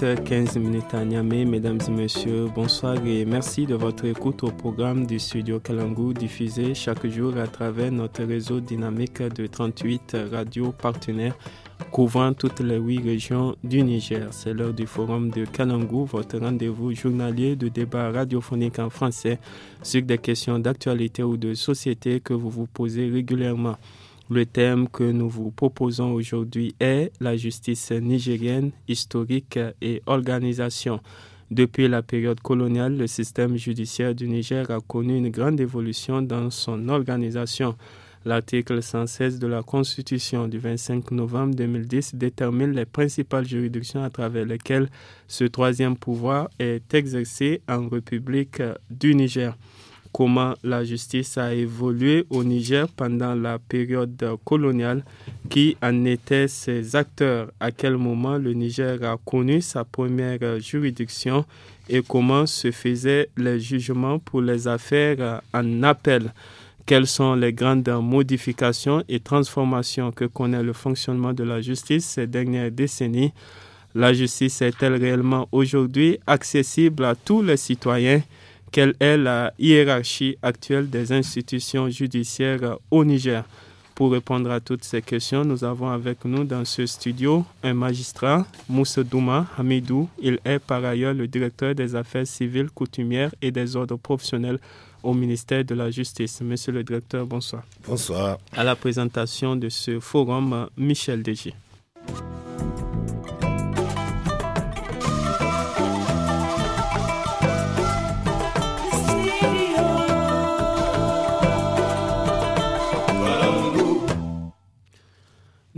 15 minutes à Niamey. Mesdames et messieurs, bonsoir et merci de votre écoute au programme du studio Kalangou diffusé chaque jour à travers notre réseau dynamique de 38 radios partenaires couvrant toutes les huit régions du Niger. C'est l'heure du forum de Kalangou, votre rendez-vous journalier de débat radiophonique en français sur des questions d'actualité ou de société que vous vous posez régulièrement. Le thème que nous vous proposons aujourd'hui est la justice nigérienne, historique et organisation. Depuis la période coloniale, le système judiciaire du Niger a connu une grande évolution dans son organisation. L'article 116 de la Constitution du 25 novembre 2010 détermine les principales juridictions à travers lesquelles ce troisième pouvoir est exercé en République du Niger comment la justice a évolué au Niger pendant la période coloniale, qui en étaient ses acteurs, à quel moment le Niger a connu sa première juridiction et comment se faisaient les jugements pour les affaires en appel. Quelles sont les grandes modifications et transformations que connaît le fonctionnement de la justice ces dernières décennies La justice est-elle réellement aujourd'hui accessible à tous les citoyens quelle est la hiérarchie actuelle des institutions judiciaires au Niger Pour répondre à toutes ces questions, nous avons avec nous dans ce studio un magistrat, Moussa Douma Hamidou. Il est par ailleurs le directeur des affaires civiles, coutumières et des ordres professionnels au ministère de la Justice. Monsieur le directeur, bonsoir. Bonsoir. À la présentation de ce forum, Michel Deji.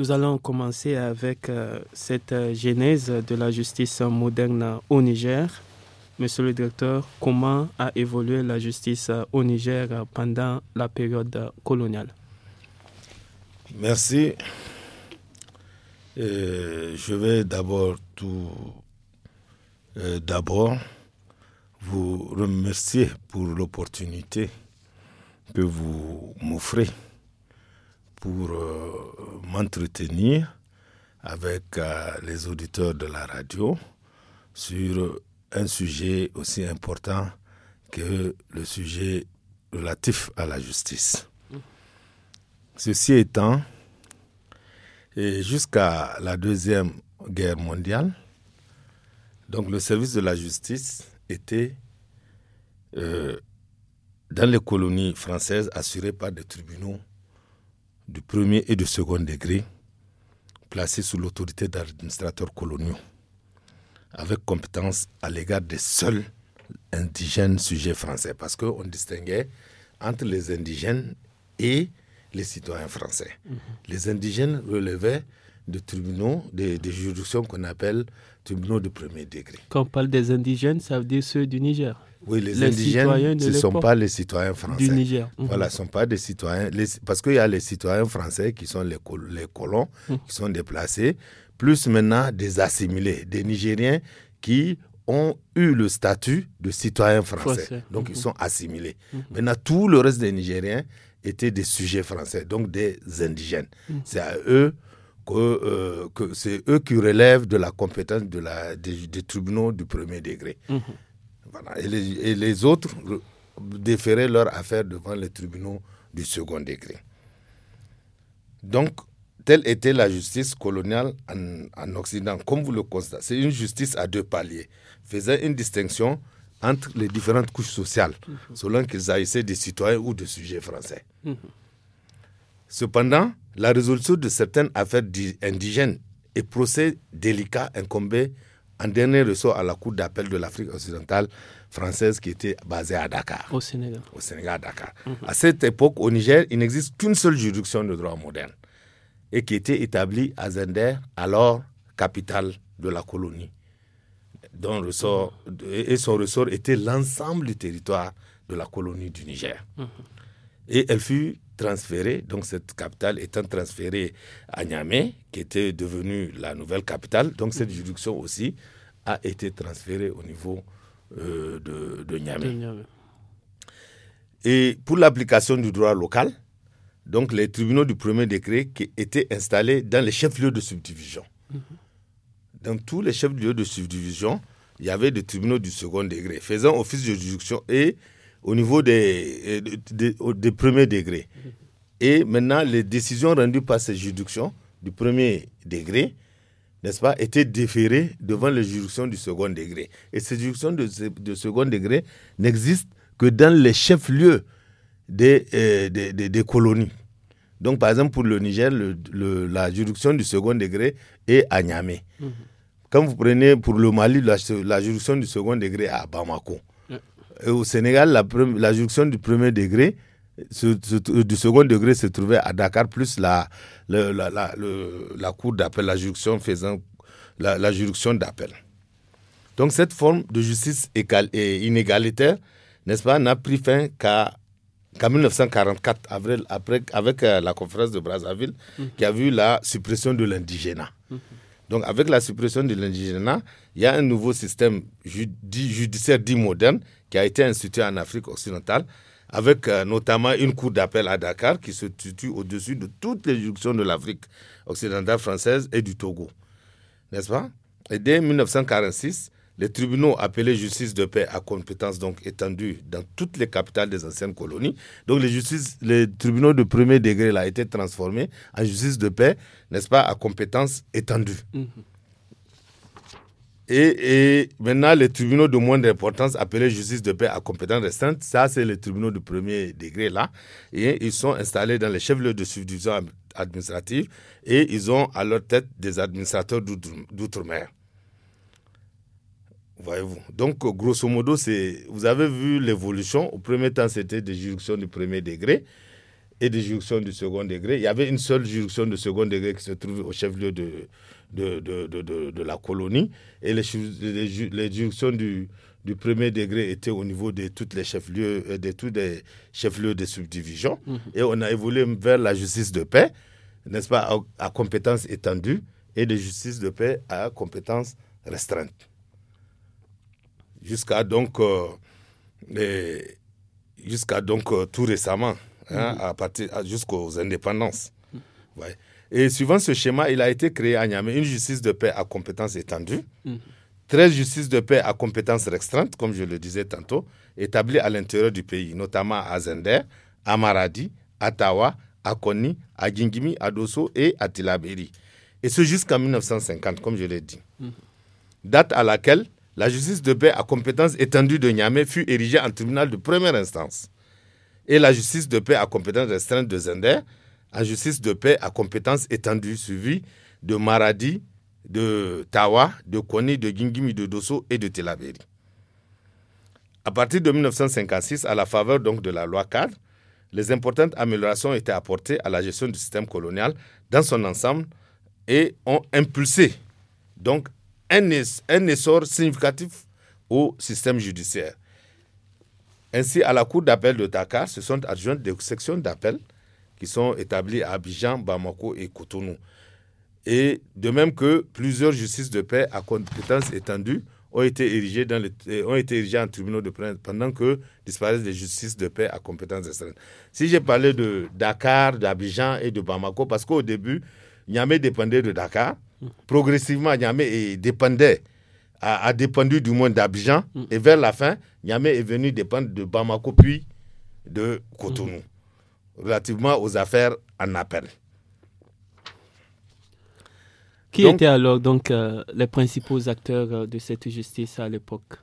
Nous allons commencer avec euh, cette euh, genèse de la justice moderne au Niger. Monsieur le directeur, comment a évolué la justice euh, au Niger pendant la période coloniale Merci. je vais d'abord tout d'abord vous remercier pour l'opportunité que vous m'offrez pour euh, m'entretenir avec euh, les auditeurs de la radio sur un sujet aussi important que le sujet relatif à la justice. Ceci étant, jusqu'à la Deuxième Guerre mondiale, donc le service de la justice était euh, dans les colonies françaises assuré par des tribunaux du premier et du second degré placés sous l'autorité d'administrateurs coloniaux, avec compétence à l'égard des seuls indigènes sujets français, parce qu'on distinguait entre les indigènes et les citoyens français. Mhm. Les indigènes relevaient de tribunaux, des, juridictions qu'on appelle tribunaux de premier degré. Quand on parle des indigènes, ça veut dire ceux du Niger oui, les, indigènes, ce ne sont pas les citoyens français. Du Niger. Mhm. Voilà, ce ne sont pas des citoyens. parce qu'il y a les citoyens français qui sont les, colons, mhm. qui sont déplacés, plus maintenant des assimilés, des Nigériens qui ont eu le statut de citoyens français. Donc mhm. ils sont assimilés. Maintenant, tout le reste des Nigériens étaient des sujets français, donc des indigènes. C'est à eux euh, que, c'est eux qui relèvent de la compétence des tribunaux du premier degré. Et, les, autres déféraient leurs affaires devant les tribunaux du second degré. Donc, telle était la justice coloniale en, Occident. Comme vous le constatez, c'est une justice à deux paliers, faisant une distinction entre les différentes couches sociales, mhm. selon qu'ils agissaient des citoyens ou des sujets français. Mhm. Cependant, la résolution de certaines affaires indigènes et procès délicats incombaient un dernier ressort à la Cour d'appel de l'Afrique occidentale française qui était basée à Dakar. Au Sénégal. Au Sénégal, à Dakar. Mhm. À cette époque, au Niger, il n'existe qu'une seule juridiction de droit moderne et qui était établie à Zender, alors capitale de la colonie. Dont ressort, mhm. et son ressort était l'ensemble du territoire de la colonie du Niger. Mhm. Et elle fut transférée, donc cette capitale étant transférée à Niamey, qui était devenue la nouvelle capitale, donc cette mhm. juridiction aussi a été transférée au niveau euh, de, de Niamey. Et pour l'application du droit local, donc les tribunaux du premier décret qui étaient installés dans les chefs-lieux de subdivision. Mhm. Dans tous les chefs-lieux de subdivision, il y avait des tribunaux du second degré faisant office de juridiction et au niveau des, euh, des, premiers degrés. Et maintenant, les décisions rendues par ces juridictions du premier degré, n'est-ce pas, étaient déférées devant les juridictions du second degré. Et ces juridictions de, de second degré n'existent que dans les chefs-lieux des, euh, des, des, colonies. Donc, par exemple, pour le Niger, le, la juridiction du second degré est à Niamey. Mhm. Quand vous prenez pour le Mali, la, la juridiction du second degré est à Bamako au Sénégal, la, la jonction du premier degré du second degré se trouvait à Dakar, plus la, la, cour d'appel, la juridiction faisant la, la d'appel. Donc cette forme de justice inégalitaire, n'est-ce pas, n'a pris fin qu'à 1944, après, avec euh, la conférence de Brazzaville, mhm. qui a vu la suppression de l'indigénat. Mhm. Donc avec la suppression de l'indigénat, il y a un nouveau système judiciaire dit moderne qui a été institué en Afrique occidentale, avec euh, notamment une cour d'appel à Dakar qui se situe au-dessus de toutes les juridictions de l'Afrique occidentale française et du Togo. N'est-ce pas Et dès 1946, les tribunaux appelés justice de paix à compétence donc étendue dans toutes les capitales des anciennes colonies. Donc les, tribunaux de premier degré là, été transformés en justice de paix, n'est-ce pas, à compétence étendue. Mm-hmm. Et, maintenant, les tribunaux de moindre importance, appelés justice de paix à compétence restreinte, ça, c'est les tribunaux de premier degré là. Et ils sont installés dans les chefs-lieux de subdivision administrative et ils ont à leur tête des administrateurs d'outre-mer. Voyez-vous. Donc, grosso modo, vous avez vu l'évolution. Au premier temps, c'était des juridictions du premier degré et des juridictions du second degré. Il y avait une seule juridiction de second degré qui se trouvait au chef-lieu de, de, de, la colonie et les, les, du, premier degré étaient au niveau de toutes les chefs-lieux, euh, de tous les chefs-lieux des subdivisions mhm. Et on a évolué vers la justice de paix, n'est-ce pas, à, compétence étendue et de justice de paix à compétence restreinte. Jusqu'à donc, euh, jusqu'à donc euh, tout récemment, hein, mhm. à partir jusqu'aux indépendances. Mhm. Et suivant ce schéma, il a été créé à Niamey une justice de paix à compétence étendue, 13 mhm. justices de paix à compétences restreinte, comme je le disais tantôt, établies à l'intérieur du pays, notamment à Zender, à Maradi, à Tawa, à Koni, à Gingimi, à Dosso et à Tilaberi. Et ce jusqu'en 1950, comme je l'ai dit. Mhm. Date à laquelle la justice de paix à compétence étendue de Niamey fut érigée en tribunal de première instance. Et la justice de paix à compétence restreinte de Zender en justice de paix à compétence étendue, suivi de Maradi, de Tawa, de Koni, de Gingimi, de Dosso et de Telaveri. À partir de 1956, à la faveur donc de la loi cadre, les importantes améliorations étaient apportées à la gestion du système colonial dans son ensemble et ont impulsé donc un, un essor significatif au système judiciaire. Ainsi, à la Cour d'appel de Dakar se sont adjointes des sections d'appel qui sont établis à Abidjan, Bamako et Cotonou. Et de même que plusieurs justices de paix à compétence étendue ont été érigées, dans les, euh, ont été en tribunaux de plainte pendant que disparaissent les justices de paix à compétence extrême. Si j'ai parlé de Dakar, d'Abidjan et de Bamako, parce qu'au début, Niamey dépendait de Dakar. Progressivement, Niamey dépendait, a, dépendu du moins d'Abidjan. Mm. Et vers la fin, Niamey est venu dépendre de Bamako puis de Cotonou relativement aux affaires en appel. Qui étaient alors donc euh, les principaux acteurs euh, de cette justice à l'époque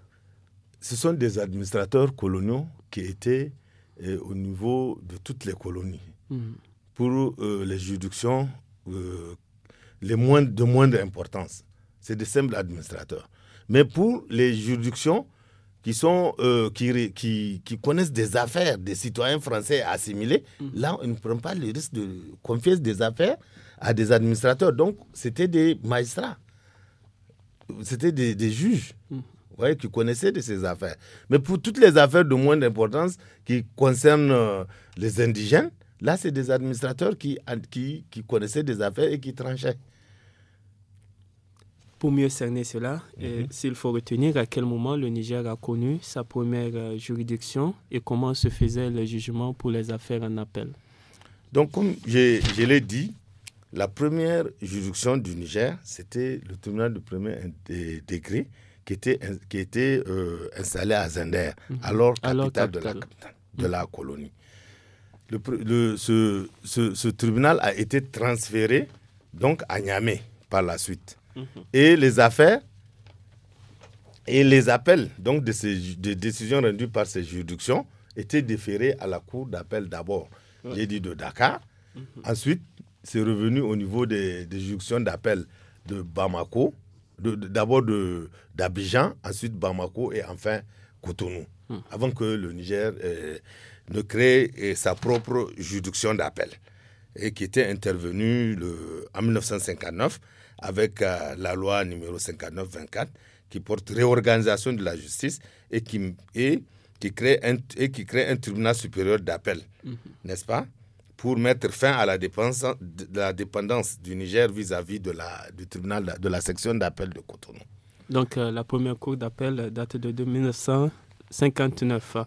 Ce sont des administrateurs coloniaux qui étaient euh, au niveau de toutes les colonies. Hmm. Pour les juridictions les moins de moindre importance, c'est des simples administrateurs. Mais pour les juridictions qui, sont, euh, qui, qui, connaissent des affaires des citoyens français assimilés, mm. là, on ne prend pas le risque de confier des affaires à des administrateurs. Donc, c'était des magistrats, c'était des, juges mm. ouais, qui connaissaient de ces affaires. Mais pour toutes les affaires de moins d'importance qui concernent euh, les indigènes, là, c'est des administrateurs qui, qui, qui connaissaient des affaires et qui tranchaient. Pour mieux cerner cela, mhm. s'il faut retenir à quel moment le Niger a connu sa première euh, juridiction et comment se faisait le jugement pour les affaires en appel. Donc, comme je, l'ai dit, la première juridiction du Niger, c'était le tribunal de premier degré qui était, qui était euh, installé à Zender, mhm. alors capitale, De, la, colonie. ce, tribunal a été transféré donc à Niamey par la suite. Mhm. et les affaires et les appels donc des décisions rendues par ces juridictions étaient déférés à la cour d'appel d'abord. J'ai dit de Dakar. Mhm. Ensuite, c'est revenu au niveau des, des juridictions d'appel de Bamako, d'abord de, d'Abidjan, ensuite Bamako et enfin Cotonou, hmm. avant que le Niger euh, ne crée euh, sa propre juridiction d'appel et qui était intervenu le en 1959 avec euh, la loi numéro 59-24 qui porte réorganisation de la justice et qui, et qui, crée, un, et qui crée un tribunal supérieur d'appel, mhm. n'est-ce pas pour mettre fin à la dépendance, de la dépendance du Niger vis-à-vis de la, du tribunal de la section d'appel de Cotonou. Donc euh, la première cour d'appel date de 1900. 59.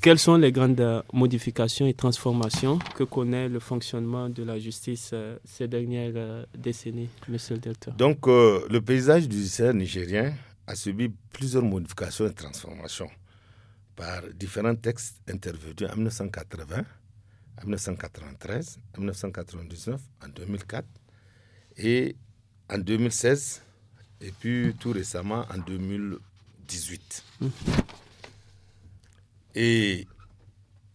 Quelles sont les grandes modifications et transformations que connaît le fonctionnement de la justice euh, ces dernières euh, décennies, monsieur le directeur Donc, euh, le paysage judiciaire nigérien a subi plusieurs modifications et transformations par différents textes intervenus en 1980, en 1993, en 1999, en 2004 et en 2016 et puis tout récemment en 2018. Et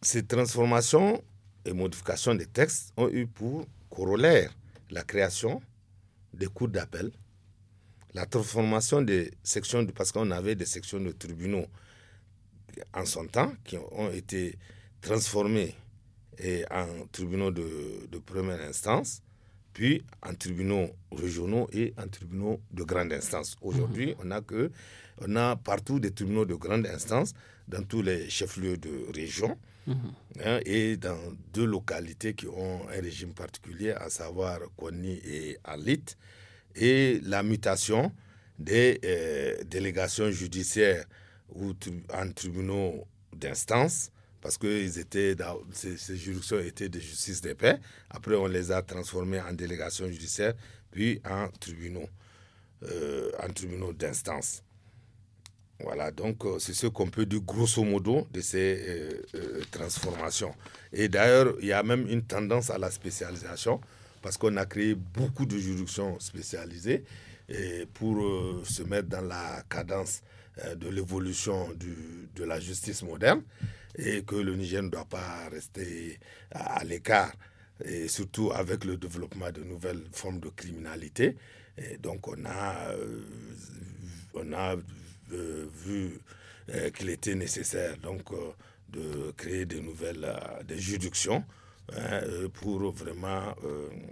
ces transformations et modifications des textes ont eu pour corollaire la création des cours d'appel, la transformation des sections, parce qu'on avait des sections de tribunaux en son temps qui ont été transformées en tribunaux de première instance, puis en tribunaux régionaux et en tribunaux de grande instance. Aujourd'hui, mhm. on a on a partout des tribunaux de grande instance dans tous les chefs-lieux de région mhm. hein, et dans deux localités qui ont un régime particulier, à savoir Kony et Alit, et la mutation des euh, délégations judiciaires ou en tribunaux d'instance parce que étaient ces, juridictions étaient de justice de paix. Après, on les a transformés en délégations judiciaires, puis en tribunaux, euh, en tribunaux d'instance. Voilà, donc euh, c'est ce qu'on peut dire grosso modo de ces euh, transformations. Et d'ailleurs, il y a même une tendance à la spécialisation, parce qu'on a créé beaucoup de juridictions spécialisées pour se mettre dans la cadence de l'évolution de la justice moderne et que le Niger ne doit pas rester à, l'écart, et surtout avec le développement de nouvelles formes de criminalité. Et donc on a, euh, on a euh, vu euh, qu'il était nécessaire donc, de créer de nouvelles des juridictions hein, pour vraiment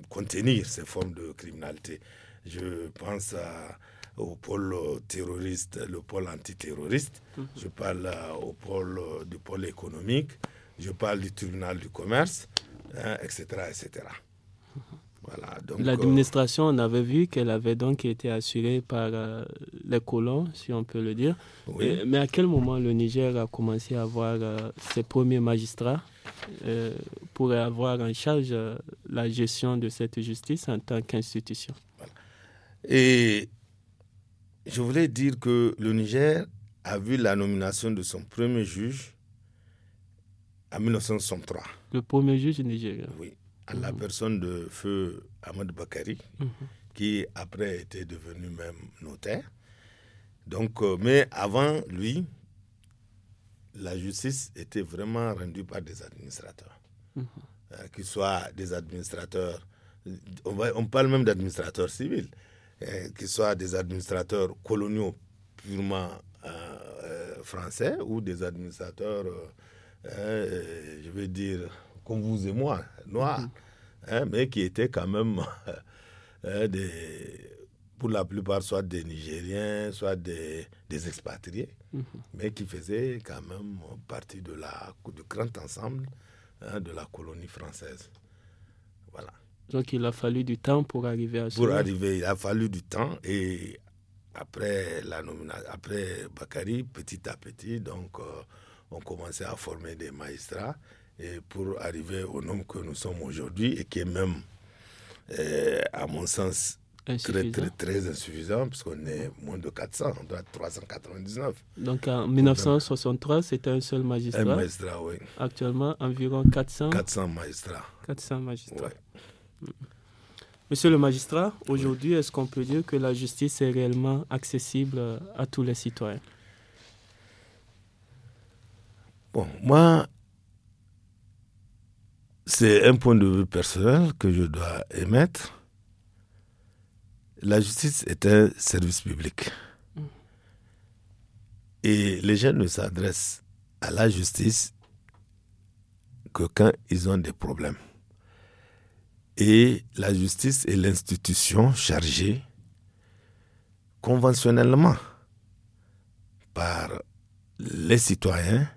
contenir ces formes de criminalité. Je pense à au pôle euh, terroriste, le pôle antiterroriste, mhm. je parle euh, au pôle euh, du pôle économique, je parle du tribunal du commerce, etc. Hein, etc. Voilà, L'administration, on avait vu qu'elle avait donc été assurée par les colons, si on peut le dire. Oui. mais à quel moment le Niger a commencé à avoir ses premiers magistrats pour avoir en charge la gestion de cette justice en tant qu'institution voilà. Et je voulais dire que le Niger a vu la nomination de son premier juge en 1963. Le premier juge nigérien. Oui, à la mhm. personne de feu Ahmed Bakari, mhm. qui après était devenu même notaire. Donc, euh, mais avant lui, la justice était vraiment rendue par des administrateurs. Mhm. Euh, qu'ils soient des administrateurs, on parle même d'administrateurs civils, euh, qui soient des administrateurs coloniaux purement euh, euh, français ou des administrateurs, hein, je veux dire, comme vous et moi, noirs, mm-hmm. hein, mais qui étaient quand même hein, des, pour la plupart soit des Nigériens, soit des, expatriés, mm-hmm. mais qui faisaient quand même partie de la, du grand ensemble de la colonie française. Voilà. Donc il a fallu du temps pour arriver à ce Pour arriver, il a fallu du temps et après la après Bakary, petit à petit, donc euh, on commençait à former des magistrats et pour arriver au nombre que nous sommes aujourd'hui et qui est même, euh, à mon sens, très, très, très insuffisant, puisqu'on est moins de 400, on doit être 399. Donc en 1963, c'était un seul magistrat. Un magistrat, oui. Actuellement, environ 400. 400 magistrats. 400 magistrats. Monsieur le magistrat, aujourd'hui, est-ce qu'on peut dire que la justice est réellement accessible euh, à tous les citoyens Bon, moi, c'est un point de vue personnel que je dois émettre. La justice est un service public. Mm. Et les gens ne s'adressent à la justice que quand ils ont des problèmes. Et la justice est l'institution chargée conventionnellement par les citoyens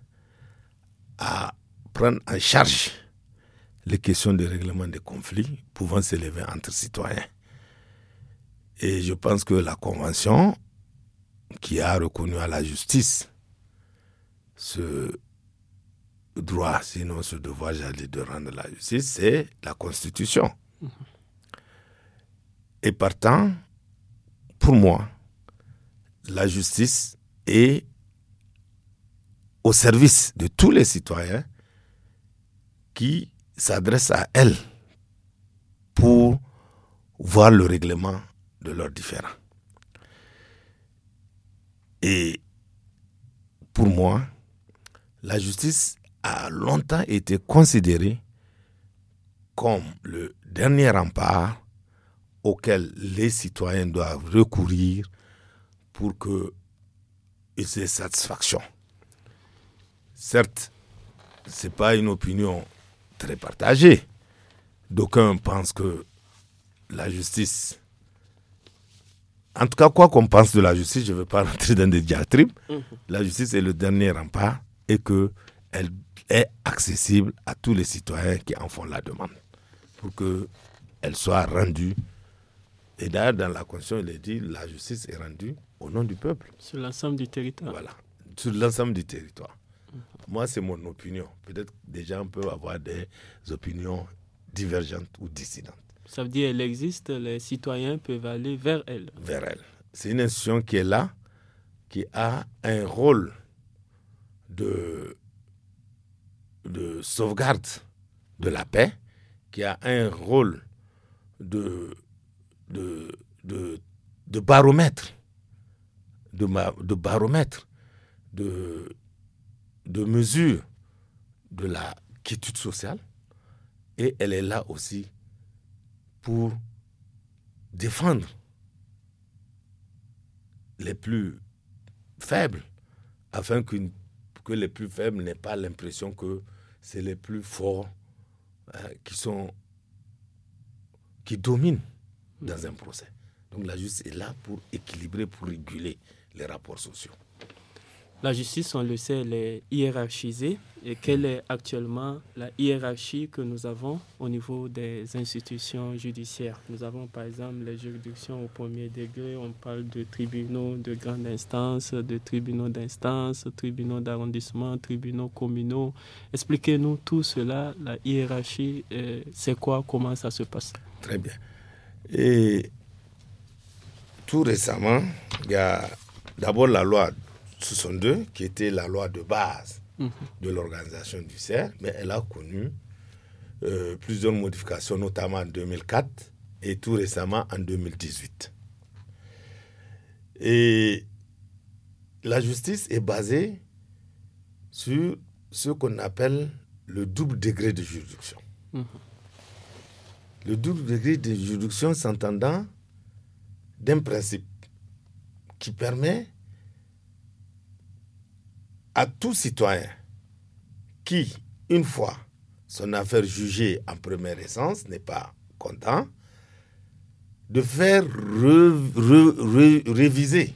à prendre en charge les questions de règlement des conflits pouvant s'élever entre citoyens. Et je pense que la Convention, qui a reconnu à la justice ce droit, sinon ce devoir, j'allais de rendre la justice, c'est la Constitution. Et partant, pour moi, la justice est au service de tous les citoyens qui s'adressent à elle pour voir le règlement de leurs différends. Et pour moi, la justice a longtemps été considéré comme le dernier rempart auquel les citoyens doivent recourir pour qu'ils aient satisfaction. Certes, ce n'est pas une opinion très partagée. D'aucuns pensent que la justice, en tout cas quoi qu'on pense de la justice, je ne vais pas rentrer dans des diatribes, mhm. la justice est le dernier rempart et qu'elle est accessible à tous les citoyens qui en font la demande pour qu'elle soit rendue. Et d'ailleurs, dans la Constitution, il est dit la justice est rendue au nom du peuple. Sur l'ensemble du territoire. Voilà, sur l'ensemble du territoire. Moi, c'est mon opinion. Peut-être des gens peuvent avoir des opinions divergentes ou dissidentes. Ça veut dire qu'elle existe, les citoyens peuvent aller vers elle. Vers elle. C'est une institution qui est là, qui a un rôle de de sauvegarde de la paix, qui a un rôle de, de, de, baromètre, de, de baromètre, de, de mesure de la quiétude sociale, et elle est là aussi pour défendre les plus faibles afin qu'une que les plus faibles n'aient pas l'impression que c'est les plus forts euh, qui sont qui dominent dans un procès. Donc la justice est là pour équilibrer, pour réguler les rapports sociaux. La justice, on le sait, elle est hiérarchisée et quelle est actuellement la hiérarchie que nous avons au niveau des institutions judiciaires. Nous avons par exemple les juridictions au premier degré, on parle de tribunaux de grande instance, de tribunaux d'instance, tribunaux d'arrondissement, tribunaux communaux. Expliquez-nous tout cela, la hiérarchie, c'est quoi, comment ça se passe Très bien. Et tout récemment, il y a d'abord la loi qui était la loi de base mhm. de l'organisation du CERF, mais elle a connu euh, plusieurs modifications, notamment en 2004 et tout récemment en 2018. Et la justice est basée sur ce qu'on appelle le double degré de juridiction. Mhm. Le double degré de juridiction s'entendant d'un principe qui permet à tout citoyen qui, une fois son affaire jugée en première essence, n'est pas content, de faire réviser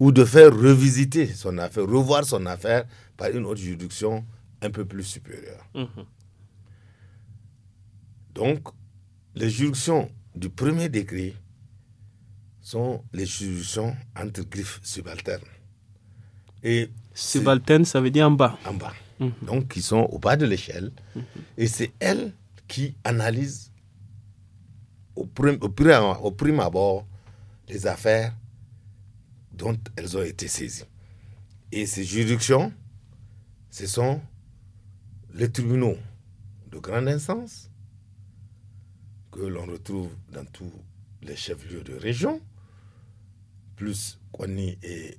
ou de faire revisiter son affaire, revoir son affaire par une autre juridiction un peu plus supérieure. Mmh. Donc, les juridictions du premier décret sont les juridictions entre griffes subalternes. Et Balten, ça veut dire en bas. En bas. Hum. Donc, ils sont au bas de l'échelle. Et c'est elles qui analysent au prime, au, au abord les affaires dont elles ont été saisies. Et ces juridictions, ce sont les tribunaux de grande instance que l'on retrouve dans tous les chefs-lieux de région, plus Kwani et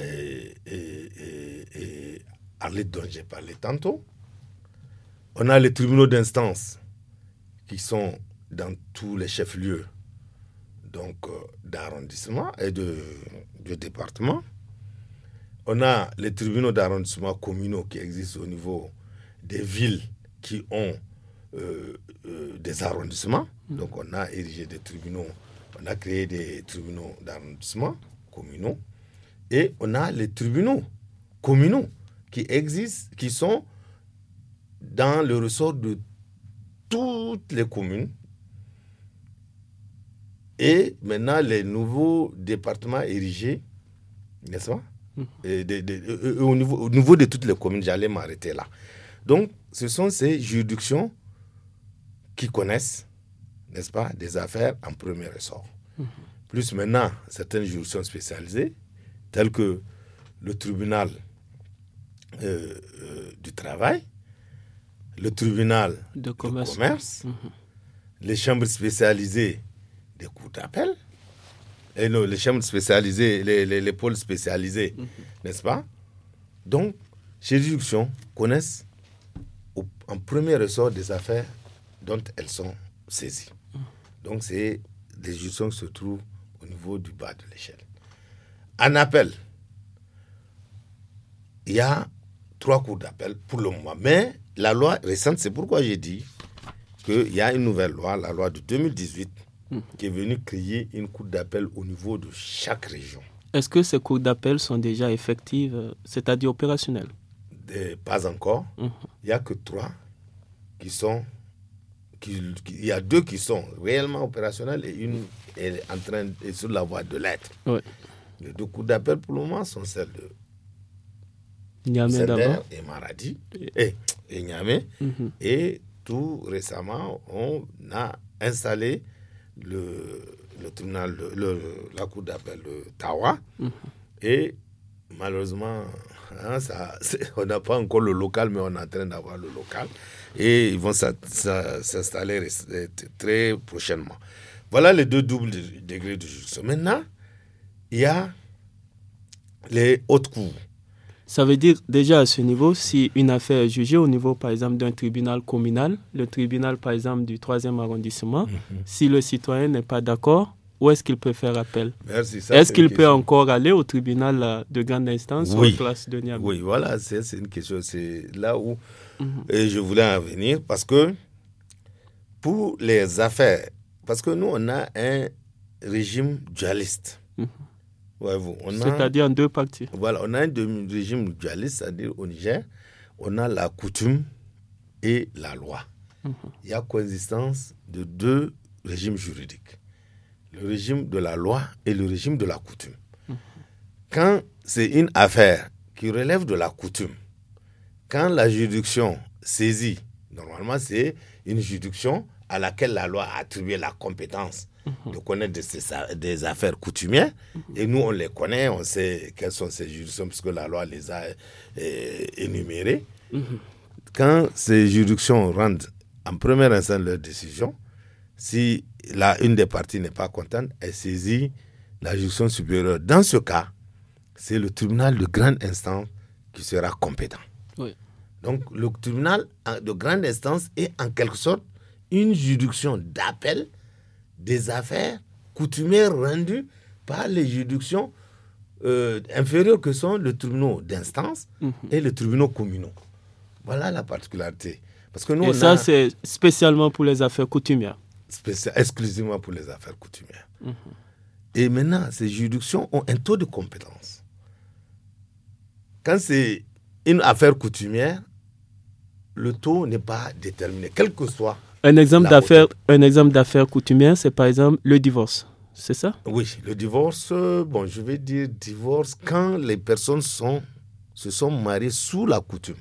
et, Arlette dont j'ai parlé tantôt. On a les tribunaux d'instance qui sont dans tous les chefs-lieux donc euh, d'arrondissement et de, département. On a les tribunaux d'arrondissement communaux qui existent au niveau des villes qui ont euh, euh, des arrondissements. Mm. Donc on a érigé des tribunaux, on a créé des tribunaux d'arrondissement communaux. Et on a les tribunaux communaux qui existent, qui sont dans le ressort de toutes les communes. Et maintenant, les nouveaux départements érigés, n'est-ce pas mm-hmm. euh, euh, au, niveau, de toutes les communes, j'allais m'arrêter là. Donc, ce sont ces juridictions qui connaissent, n'est-ce pas, des affaires en premier ressort. Mm-hmm. Plus maintenant, certaines juridictions spécialisées tels que le tribunal euh, euh, du travail, le tribunal de commerce, mhm. les chambres spécialisées des cours d'appel, et les chambres spécialisées, les, les, pôles spécialisés, mhm. n'est-ce pas Donc, ces juridictions connaissent en premier ressort des affaires dont elles sont saisies. Mhm. Donc, c'est des juridictions qui se trouvent au niveau du bas de l'échelle. En appel, il y a trois cours d'appel pour le moment. Mais la loi récente, c'est pourquoi j'ai dit qu'il y a une nouvelle loi, la loi de 2018, hmm. qui est venue créer une cour d'appel au niveau de chaque région. Est-ce que ces cours d'appel sont déjà effectives, c'est-à-dire opérationnelles eh, Pas encore. Hmm. Il n'y a que trois qui sont. il y a deux qui sont réellement opérationnelles et une est en train est sur la voie de l'être. Oui. Les deux cours d'appel pour le moment sont celles de Niamey et Maradi et, mhm. Et tout récemment, on a installé le, tribunal, le, la cour d'appel de Tawa. Mhm. Et malheureusement, hein, on n'a pas encore le local, mais on est en train d'avoir le local. Et ils vont s'installer très prochainement. Voilà les deux doubles degrés de justice Maintenant, il y a les hautes cours. Ça veut dire déjà à ce niveau, si une affaire est jugée au niveau, par exemple, d'un tribunal communal, le tribunal, par exemple, du 3e arrondissement, mhm. si le citoyen n'est pas d'accord, où est-ce qu'il peut faire appel Est-ce qu'il peut encore aller au tribunal euh, de grande instance oui. ou place de Niamey Oui, voilà, c'est une question. C'est là où mhm. je voulais en venir parce que pour les affaires, parce que nous, on a un régime dualiste. Mhm c'est-à-dire en deux parties. Voilà, on a un régime dualiste, c'est-à-dire au Niger, on a la coutume et la loi. Mhm. Il y a coexistence de deux régimes juridiques, le régime de la loi et le régime de la coutume. Mhm. Quand c'est une affaire qui relève de la coutume, quand la juridiction saisit, normalement c'est une juridiction à laquelle la loi a attribué la compétence de connaître des, affaires coutumières. Et nous, on les connaît, on sait quelles sont ces juridictions, puisque la loi les a eh, énumérées. Quand ces juridictions rendent en première instance leur décision, si la, une des parties n'est pas contente, elle saisit la juridiction supérieure. Dans ce cas, c'est le tribunal de grande instance qui sera compétent. Donc, le tribunal de grande instance est en quelque sorte une juridiction d'appel des affaires coutumières rendues par les juridictions euh, inférieures que sont le tribunal d'instance mhm. et le tribunal communaux. Voilà la particularité. Parce que nous, et ça, c'est spécialement pour les affaires coutumières. exclusivement pour les affaires coutumières. Mhm. Et maintenant, ces juridictions ont un taux de compétence. Quand c'est une affaire coutumière, le taux n'est pas déterminé, quel que soit un exemple d'affaires, un exemple d'affaires coutumière, c'est par exemple le divorce. C'est ça Oui, le divorce, euh, bon, je vais dire divorce quand les personnes sont, se sont mariées sous la coutume.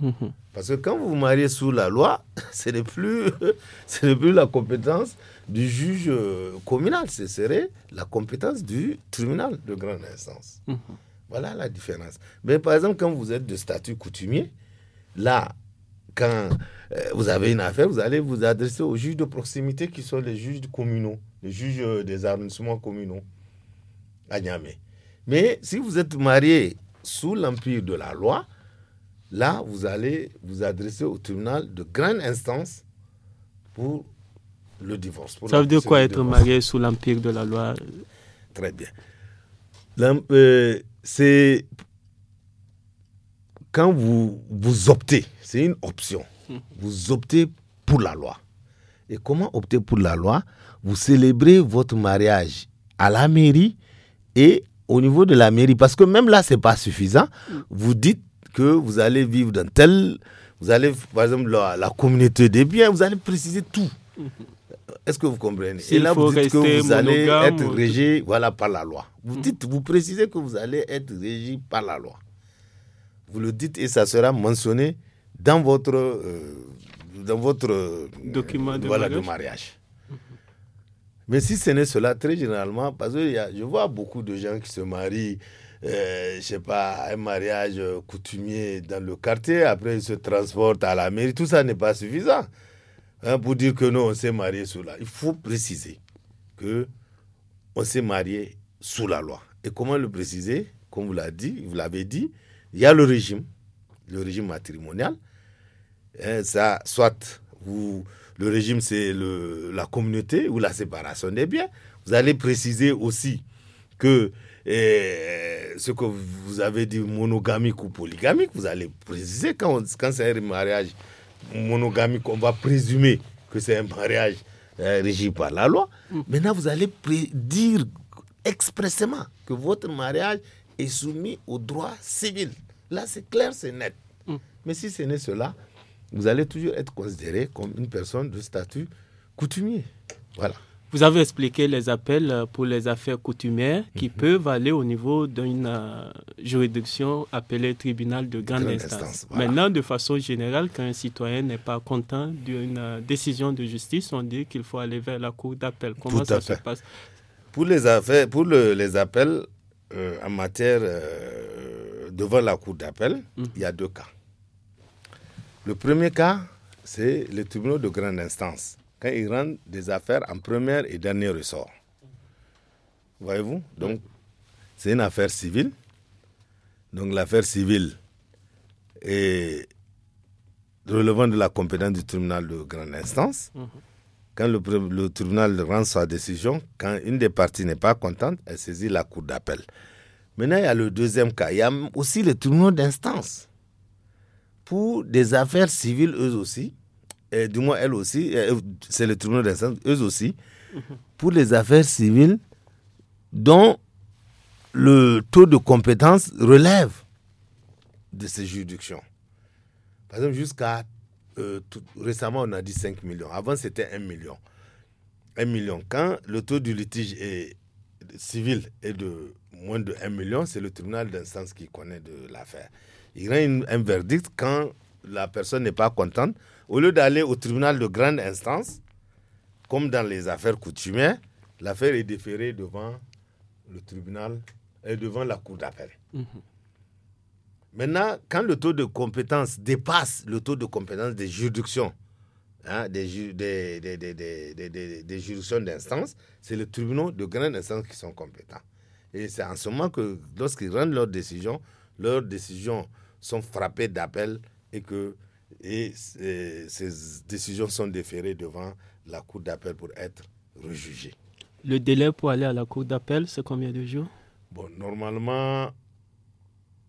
Mhm. Parce que quand vous vous mariez sous la loi, ce n'est plus, plus la compétence du juge euh, communal, ce serait la compétence du tribunal de grande instance. Mhm. Voilà la différence. Mais par exemple, quand vous êtes de statut coutumier, là, quand euh, vous avez une affaire, vous allez vous adresser aux juges de proximité qui sont les juges communaux, les juges euh, des arrondissements communaux à Niamey. Mais si vous êtes marié sous l'empire de la loi, là, vous allez vous adresser au tribunal de grande instance pour le divorce. Ça veut dire quoi être marié sous l'empire de la loi Très bien. Euh, c'est quand vous, vous optez, c'est une option, hmm. vous optez pour la loi. Et comment opter pour la loi Vous célébrez votre mariage à la mairie et au niveau de la mairie. Parce que même là, ce n'est pas suffisant. Hmm. Vous dites que vous allez vivre dans tel... Vous allez, par exemple, la, la communauté des biens, vous allez préciser tout. Hmm. Est-ce que vous comprenez Et là, vous dites que vous allez être régi voilà, par la loi. Vous dites, vous précisez que vous allez être régi par la loi vous le dites et ça sera mentionné dans votre, euh, dans votre euh, document de voilà, mariage. De mariage. Mais si ce n'est cela, très généralement, parce que y je vois beaucoup de gens qui se marient, euh, je sais pas, un mariage coutumier dans le quartier, après ils se transportent à la mairie, tout ça n'est pas suffisant hein, pour dire que non, on s'est marié sous la. Il faut préciser que on s'est marié sous la loi. Et comment le préciser Comme vous dit, vous l'avez dit, il y a le régime, le régime matrimonial. Hein, ça, soit vous, le régime, c'est la communauté ou la séparation des biens. Vous allez préciser aussi que eh, ce que vous avez dit monogamique ou polygamique, vous allez préciser quand, c'est un mariage monogamique, on va présumer que c'est un mariage eh, régi par la loi. Mm. Maintenant, vous allez dire expressément que votre mariage est soumis au droit civil. Là, c'est clair, c'est net. Mm. Mais si ce n'est cela, vous allez toujours être considéré comme une personne de statut coutumier. Voilà. Vous avez expliqué les appels pour les affaires coutumières qui mhm. peuvent aller au niveau d'une euh, juridiction appelée tribunal de grande, instance. Maintenant, de façon générale, quand un citoyen n'est pas content d'une euh, décision de justice, on dit qu'il faut aller vers la cour d'appel. Comment ça se passe Pour les affaires, pour les appels, en euh, matière euh, devant la cour d'appel, mm. il y a deux cas. Le premier cas, c'est les tribunaux de grande instance, quand ils rendent des affaires en première et dernier ressort. Voyez-vous Donc, c'est une affaire civile. Donc, l'affaire civile est relevant de la compétence du tribunal de grande instance. Mm-hmm. Quand le, tribunal rend sa décision, quand une des parties n'est pas contente, elle saisit la cour d'appel. Maintenant, il y a le deuxième cas. Il y a aussi les tribunaux d'instance. Pour des affaires civiles, eux aussi, et du moins, elles aussi, euh, c'est le tribunal d'instance, eux aussi, mhm. pour les affaires civiles dont le taux de compétence relève de ces juridictions. Par exemple, jusqu'à euh, récemment, on a dit 5 millions. Avant, c'était 1 million. 1 million. Quand le taux du litige est civil est de moins de 1 million, c'est le tribunal d'instance qui connaît de l'affaire. Il y a un verdict quand la personne n'est pas contente. Au lieu d'aller au tribunal de grande instance, comme dans les affaires coutumières, l'affaire est déférée devant le tribunal et euh, devant la cour d'appel. Mhm. Maintenant, quand le taux de compétence dépasse le taux de compétence des juridictions, hein, des, juridictions d'instance, c'est les tribunaux de grande instance qui sont compétents. Et c'est en ce moment que, lorsqu'ils rendent leurs décisions, leurs décisions sont frappées d'appel et que et euh, ces décisions sont déférées devant la Cour d'appel pour être rejugées. Le délai pour aller à la Cour d'appel, c'est combien de jours Bon, normalement,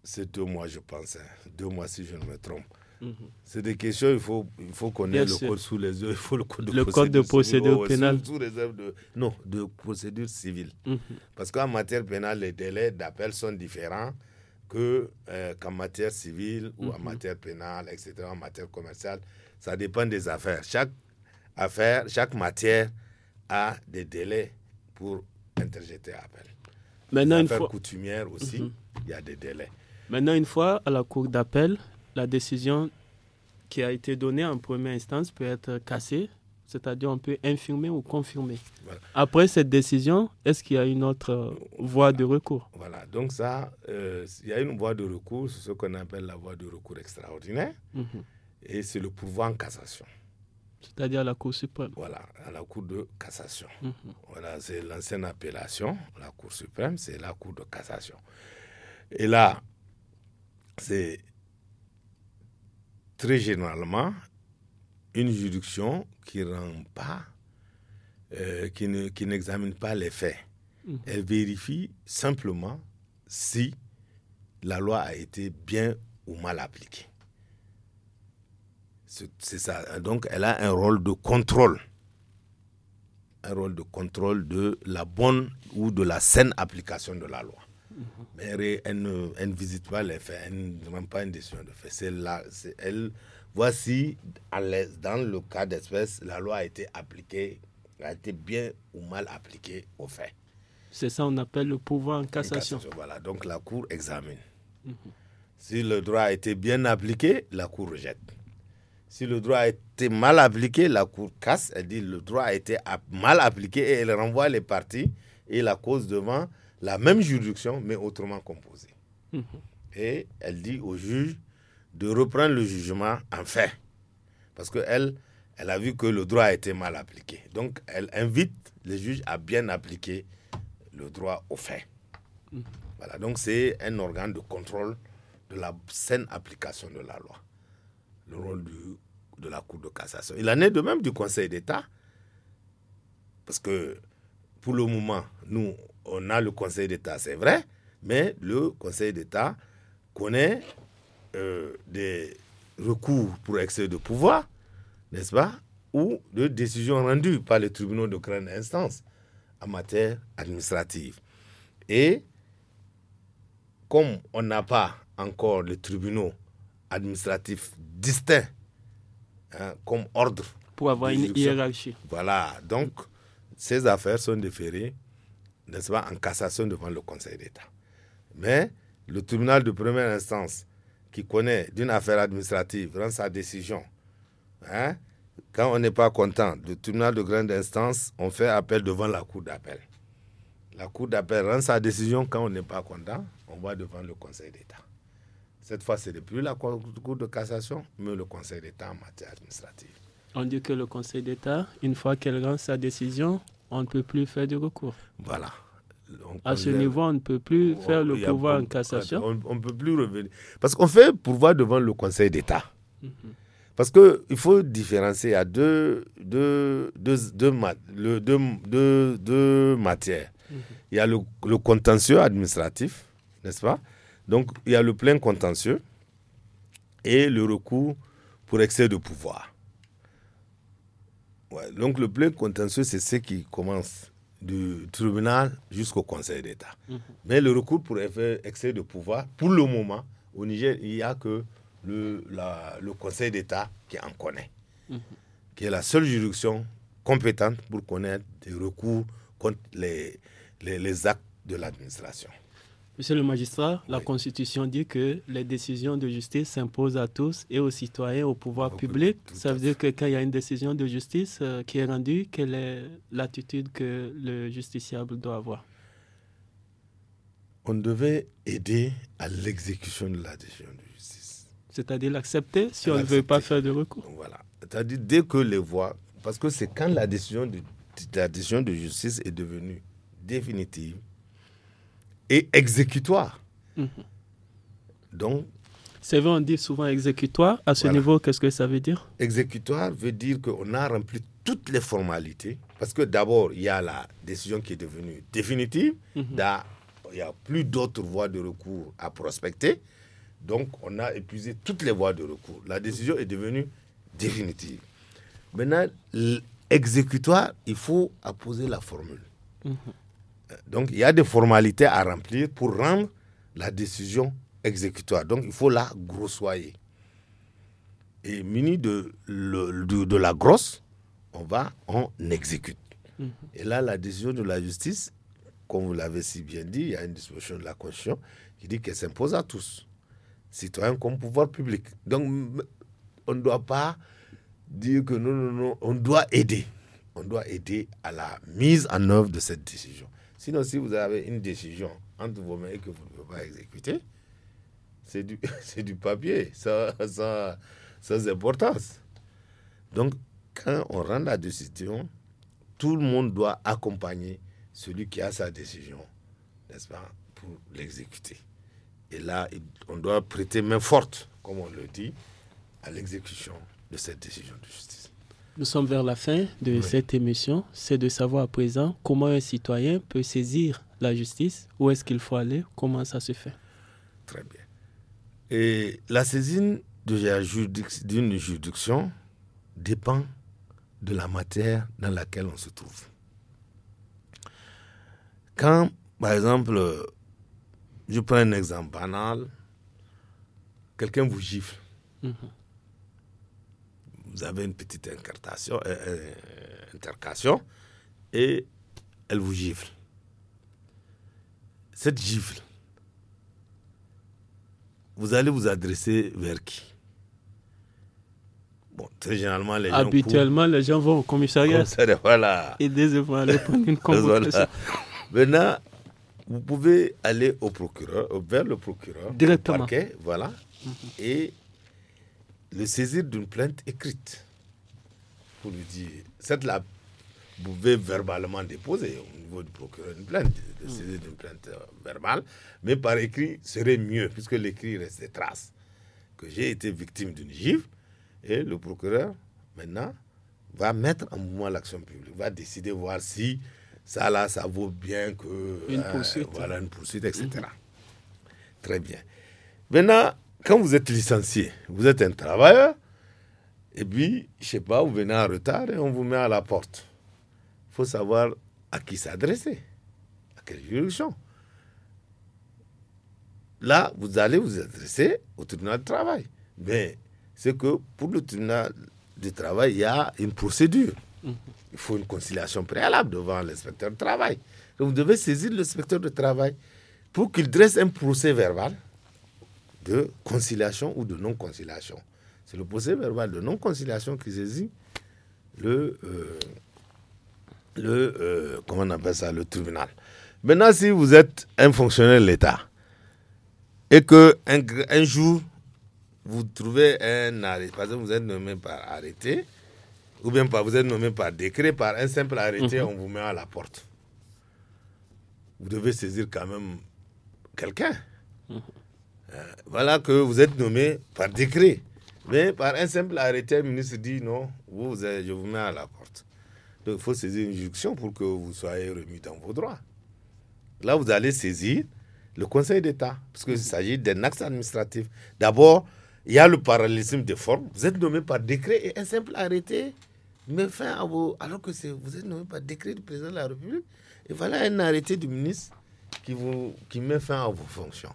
c'est deux mois, je pense. Hein. Deux mois, si je ne me trompe. Mhm. C'est des questions, il faut, il faut connaître le code sous les yeux, il faut le code de le procédure, code de procédure oh, pénale. non, de procédure civile. Mhm. Parce qu'en matière pénale, les délais d'appel sont différents que euh, qu'en matière civile ou en mhm. matière pénale, etc., en matière commerciale. Ça dépend des affaires. Chaque affaire, chaque matière a des délais pour interjeter appel. Maintenant, une fois... coutumière aussi, il y a des délais. Maintenant, une fois à la cour d'appel, la décision qui a été donnée en première instance peut être cassée, c'est-à-dire on peut infirmer ou confirmer. Après cette décision, est-ce qu'il y a une autre voie de recours Voilà, donc ça, euh, il y a une voie de recours, ce qu'on appelle la voie de recours extraordinaire, mhm. et c'est le pouvoir en cassation. C'est-à-dire à la Cour suprême. Voilà, à la Cour de cassation. Mhm. Voilà, c'est l'ancienne appellation, la Cour suprême, c'est la Cour de cassation. Et là, c'est très généralement une juridiction qui rend pas, euh, qui n'examine pas les faits. Mhm. Elle vérifie simplement si la loi a été bien ou mal appliquée. C'est ça. Donc, elle a un rôle de contrôle. Un rôle de contrôle de la bonne ou de la saine application de la loi. Mais elle, ne, visite pas les faits, elle ne rend pas une décision de fait. C'est elle. Voici, à dans le cas d'espèce, la loi a été appliquée, a été bien ou mal appliquée au fait. C'est ça, on appelle le pouvoir en cassation. voilà, donc la Cour examine. Mhm. Si le droit a été bien appliqué, la Cour rejette. Si le droit a été mal appliqué, la Cour casse. Elle dit le droit a été mal appliqué et elle renvoie les parties et la cause devant la même juridiction, mais autrement composée. Mhm. Et elle dit au juge de reprendre le jugement en fait, parce qu'elle elle a vu que le droit a été mal appliqué. Donc, elle invite les juges à bien appliquer le droit au fait. Mhm. Voilà, donc c'est un organe de contrôle de la saine application de la loi. Le rôle du, de la Cour de cassation. Il en est de même du Conseil d'État, parce que pour le moment, nous, on a le Conseil d'État, c'est vrai, mais le Conseil d'État connaît euh, des recours pour excès de pouvoir, n'est-ce pas, ou de décisions rendues par les tribunaux de grande instance en matière administrative. Et comme on n'a pas encore les tribunaux administratifs distincts hein, comme ordre. Pour avoir une hiérarchie. Voilà, donc ces affaires sont déférées n'est-ce pas, en cassation devant le Conseil d'État. Mais le tribunal de première instance, qui connaît d'une affaire administrative, rend sa décision. Hein, quand on n'est pas content, le tribunal de grande instance, on fait appel devant la Cour d'appel. La Cour d'appel rend sa décision quand on n'est pas content, on va devant le Conseil d'État. Cette fois, ce n'est plus la Cour de cassation, mais le Conseil d'État en matière administrative. On dit que le Conseil d'État, une fois qu'elle rend sa décision, on ne peut plus faire du recours. Voilà. à ce niveau, on ne peut plus faire le pouvoir en cassation. On ne peut plus revenir. Parce qu'on fait pouvoir devant le Conseil d'État. Mhm. Parce que Parce qu'il faut différencier à deux, deux, deux, matières. Mhm. Il y a le contentieux administratif, n'est-ce pas Donc, il y a le plein contentieux et le recours pour excès de pouvoir donc le plus contentieux, c'est ce qui commence du tribunal jusqu'au Conseil d'État. Mhm. Mais le recours pour excès de pouvoir, pour le moment, au Niger, il n'y a que le, Conseil d'État qui en connaît, mhm. qui est la seule juridiction compétente pour connaître des recours contre les actes de l'administration. Monsieur le magistrat, la Constitution dit que les décisions de justice s'imposent à tous et aux citoyens, au pouvoir public. Ça veut dire que quand il y a une décision de justice euh, qui est rendue, quelle est l'attitude que le justiciable doit avoir On devait aider à l'exécution de la décision de justice. C'est-à-dire l'accepter si on ne veut pas faire de recours. Voilà. C'est-à-dire dès que les voix, parce que c'est quand la décision de, la décision de justice est devenue définitive et exécutoire. Mhm. Donc. C'est vrai, on dit souvent exécutoire. À ce niveau, qu'est-ce que ça veut dire Exécutoire veut dire qu'on a rempli toutes les formalités. Parce que d'abord, il y a la décision qui est devenue définitive. Mhm. il n'y a plus d'autres voies de recours à prospecter. Donc, on a épuisé toutes les voies de recours. La décision est devenue définitive. Maintenant, l'exécutoire, il faut apposer la formule. Mhm. Donc il y a des formalités à remplir pour rendre la décision exécutoire. Donc il faut la grossoyer. Et muni de, la grosse, on va, en exécute. Mhm. Et là, la décision de la justice, comme vous l'avez si bien dit, il y a une disposition de la Constitution qui dit qu'elle s'impose à tous, citoyens comme pouvoir public. Donc on ne doit pas dire que non, non, non, on doit aider. On doit aider à la mise en œuvre de cette décision. Sinon, si vous avez une décision entre vos mains et que vous ne pouvez pas exécuter, c'est du, du papier, ça, sans importance. Donc, quand on rend la décision, tout le monde doit accompagner celui qui a sa décision, n'est-ce pas, pour l'exécuter. Et là, on doit prêter main forte, comme on le dit, à l'exécution de cette décision de justice. Nous sommes vers la fin de cette émission. C'est de savoir à présent comment un citoyen peut saisir la justice, où est-ce qu'il faut aller, comment ça se fait. Très bien. Et la saisine d'une juridiction dépend de la matière dans laquelle on se trouve. Quand, par exemple, je prends un exemple banal, quelqu'un vous gifle. Mhm vous avez une petite incartation, euh, euh, intercation et elle vous gifle. Cette gifle, vous allez vous adresser vers qui Bon, très généralement, les gens... Habituellement, les gens vont au commissariat. voilà. Et des vont aller prendre une convocation. Maintenant, vous pouvez aller au procureur, euh, vers le procureur, Directement. voilà, mhm. et le saisir d'une plainte écrite pour lui dire, cette la pouvez verbalement déposer au niveau du procureur une plainte, de hmm. saisir d'une plainte euh, verbale, mais par écrit serait mieux, puisque l'écrit reste traces. que j'ai été victime d'une gifle et le procureur maintenant va mettre en mouvement l'action publique, va décider voir si ça là, ça vaut bien que une euh, poursuite, voilà une poursuite, etc. Hmm. Très bien. Maintenant, quand vous êtes licencié, vous êtes un travailleur, et puis, je ne sais pas, vous venez en retard et on vous met à la porte. Il faut savoir à qui s'adresser, à quelle juridiction. Là, vous allez vous adresser au tribunal de travail. Mais c'est que pour le tribunal du travail, il y a une procédure. Il faut une conciliation préalable devant l'inspecteur de travail. vous devez saisir l'inspecteur de travail pour qu'il dresse un procès verbal de conciliation ou de non-conciliation. C'est le procès verbal de non-conciliation qui saisit le, euh, le euh, comment on appelle ça, le tribunal. Maintenant, si vous êtes un fonctionnaire de l'État et qu'un un, jour vous trouvez un arrêt, parce que vous êtes nommé par arrêté, ou bien pas vous êtes nommé par décret, par un simple arrêté, mhm. on vous met à la porte. Vous devez saisir quand même quelqu'un. Mhm. Euh, voilà que vous êtes nommé par décret. Mais par un simple arrêté, le ministre dit non, vous, je vous mets à la porte. Donc il faut saisir une injonction pour que vous soyez remis dans vos droits. Là, vous allez saisir le Conseil d'État, parce qu'il s'agit d'un axe administratif. D'abord, il y a le parallélisme des formes. Vous êtes nommé par décret et un simple arrêté met fin à vos. Alors que vous êtes nommé par décret du président de la République. Et voilà un arrêté du ministre qui, vous, qui met fin à vos fonctions.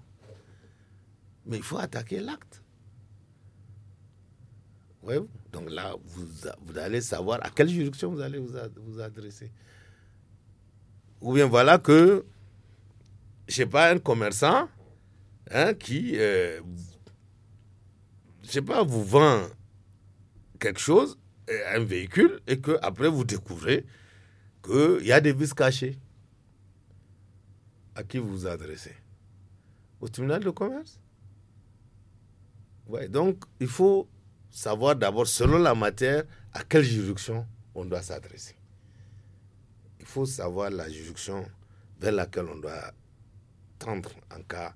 Mais il faut attaquer l'acte. donc là, vous, allez savoir à quelle juridiction vous allez vous, adresser. Ou bien voilà que, je sais pas, un commerçant hein, qui, euh, je sais pas, vous vend quelque chose, euh, un véhicule, et que après vous découvrez qu'il y a des vis cachés. À qui vous vous adressez Au tribunal de commerce donc, il faut savoir d'abord, selon la matière, à quelle juridiction on doit s'adresser. Il faut savoir la juridiction vers laquelle on doit tendre en cas,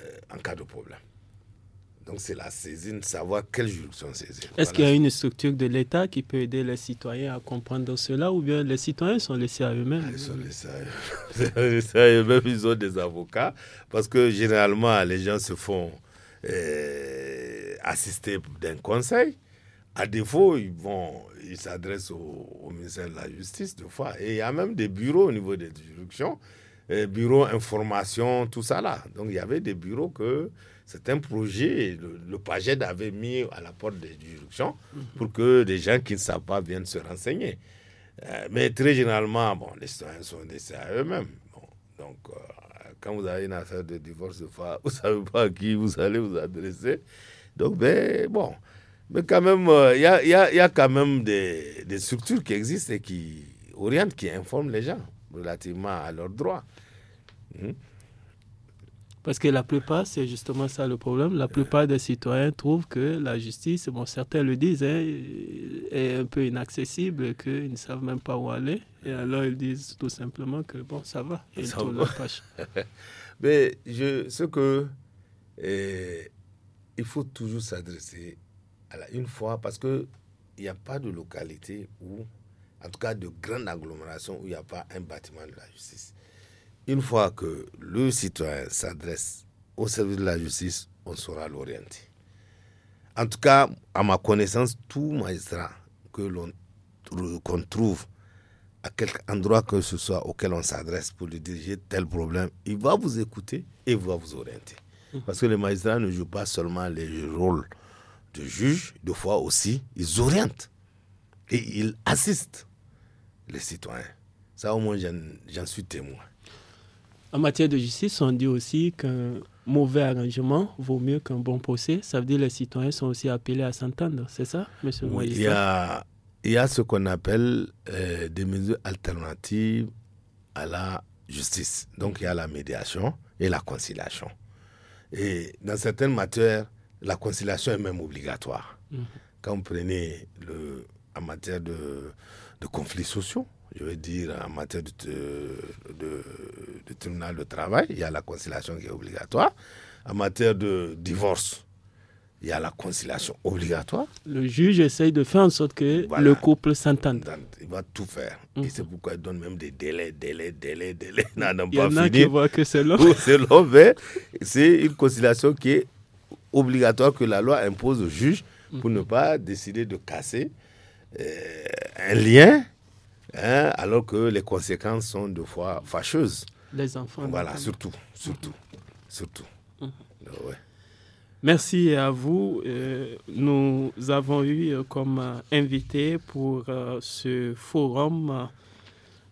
euh, en cas de problème. Donc c'est la saisine, savoir quelle juridiction saisir. Est-ce qu'il y a une structure de l'État qui peut aider les citoyens à comprendre cela ou bien les citoyens sont laissés à eux-mêmes ah, Ils sont laissés à eux-mêmes. ils ont des avocats parce que généralement les gens se font... Euh, assister d'un conseil. À défaut, ils vont, ils s'adressent au, ministère de la Justice deux fois. Et il y a même des bureaux au niveau des juridictions, euh, bureaux information, tout ça là. Donc il y avait des bureaux que c'est un projet, le, paget PAGED avait mis à la porte des juridictions mhm. pour que des gens qui ne savent pas viennent se renseigner. Euh, mais très généralement, bon, les citoyens sont des à eux-mêmes. donc euh, quand vous avez une affaire de divorce, vous ne savez pas à qui vous allez vous adresser. Donc, ben, bon. Mais quand même, il euh, y, a, quand même des, structures qui existent et qui orientent, qui informent les gens relativement à leurs droits. Hmm. Parce que la plupart, c'est justement ça le problème, la plupart des citoyens trouvent que la justice, bon, certains le disent, hein, est un peu inaccessible, qu'ils ne savent même pas où aller. Et alors, ils disent tout simplement que, bon, ça va, Mais je, ce que... Eh, il faut toujours s'adresser à la une fois parce que il n'y a pas de localité où, en tout cas de grande agglomération, où il n'y a pas un bâtiment de la justice. Une fois que le citoyen s'adresse au service de la justice, on saura l'orienter. En tout cas, à ma connaissance, tout magistrat que l'on qu'on trouve à quelque endroit que ce soit auquel on s'adresse pour lui diriger tel problème, il va vous écouter et il va vous orienter. Parce que les magistrats ne jouent pas seulement les rôles de juge, des fois aussi, ils orientent et ils assistent les citoyens. Ça, au moins, j'en suis témoin. En matière de justice, on dit aussi qu'un mauvais arrangement vaut mieux qu'un bon procès. Ça veut dire que les citoyens sont aussi appelés à s'entendre, c'est ça, monsieur oui, le il, y a, il y a ce qu'on appelle euh, des mesures alternatives à la justice. Donc, il y a la médiation et la conciliation. Et dans certaines matières, la conciliation est même obligatoire. Quand vous prenez le, en matière de, conflits sociaux, je veux dire, en matière de, de, tribunal de travail, il y a la conciliation qui est obligatoire. En matière de divorce, il y a la conciliation obligatoire. Le juge essaye de faire en sorte que le couple s'entende. Il va tout faire. Et mhm. c'est pourquoi il donne même des délais, délais, délais, délais. Non, non, il y en a qui voient que c'est long. c'est long, c'est une conciliation qui est obligatoire que la loi impose au juge pour ne mhm. pas décider de casser euh, un lien, hein, alors que les conséquences sont de fois fâcheuses. Les enfants. Voilà, surtout, surtout, surtout. Mhm. Ah ouais. Merci à vous. Euh, nous avons eu euh, comme euh, invité pour ce forum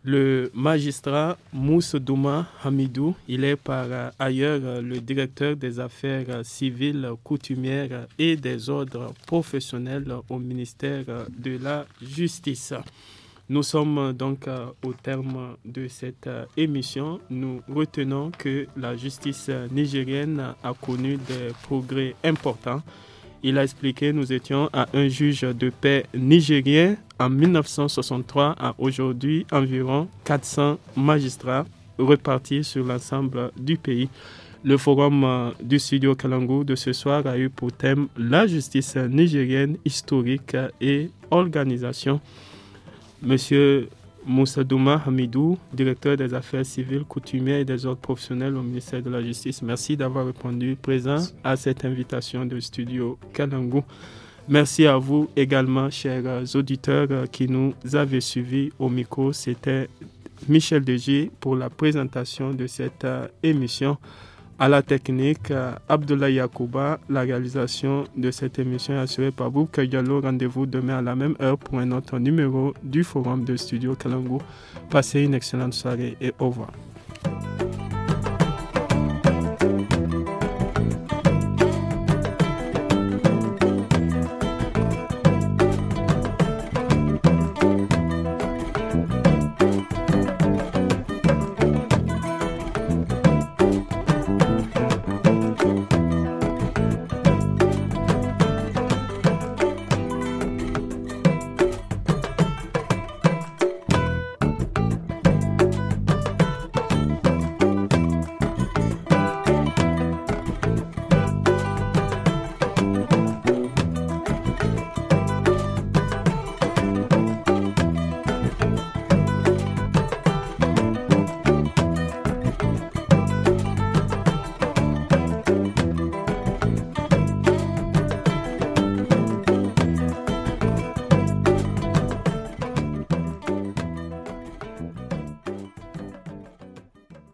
le magistrat Moussa Douma Hamidou. Il est par ailleurs le directeur des affaires civiles, coutumières et des ordres professionnels au ministère de la Justice. Nous sommes euh, donc euh, au terme de cette euh, émission. Nous retenons que la justice nigérienne a connu des progrès importants. Il a expliqué, nous étions à un juge de paix nigérien en 1963 à aujourd'hui environ 400 magistrats repartis sur l'ensemble du pays. Le forum du studio Kalangu de ce soir a eu pour thème la justice nigérienne historique et organisation. Monsieur Moussa Douma Hamidou, directeur des affaires civiles, coutumières et des ordres professionnels au ministère de la Justice. Merci d'avoir répondu présent à cette invitation de Studio Kalangou. Merci à vous également, chers auditeurs euh, qui nous avez suivis au micro. C'était Michel Degé pour la présentation de cette euh, émission. À la technique, euh, Abdoulaye Yakouba, la réalisation de cette émission est assurée par vous. Diallo. Rendez-vous demain à la même heure pour un autre numéro du Forum de Studio Kalango. Passez une excellente soirée et au revoir.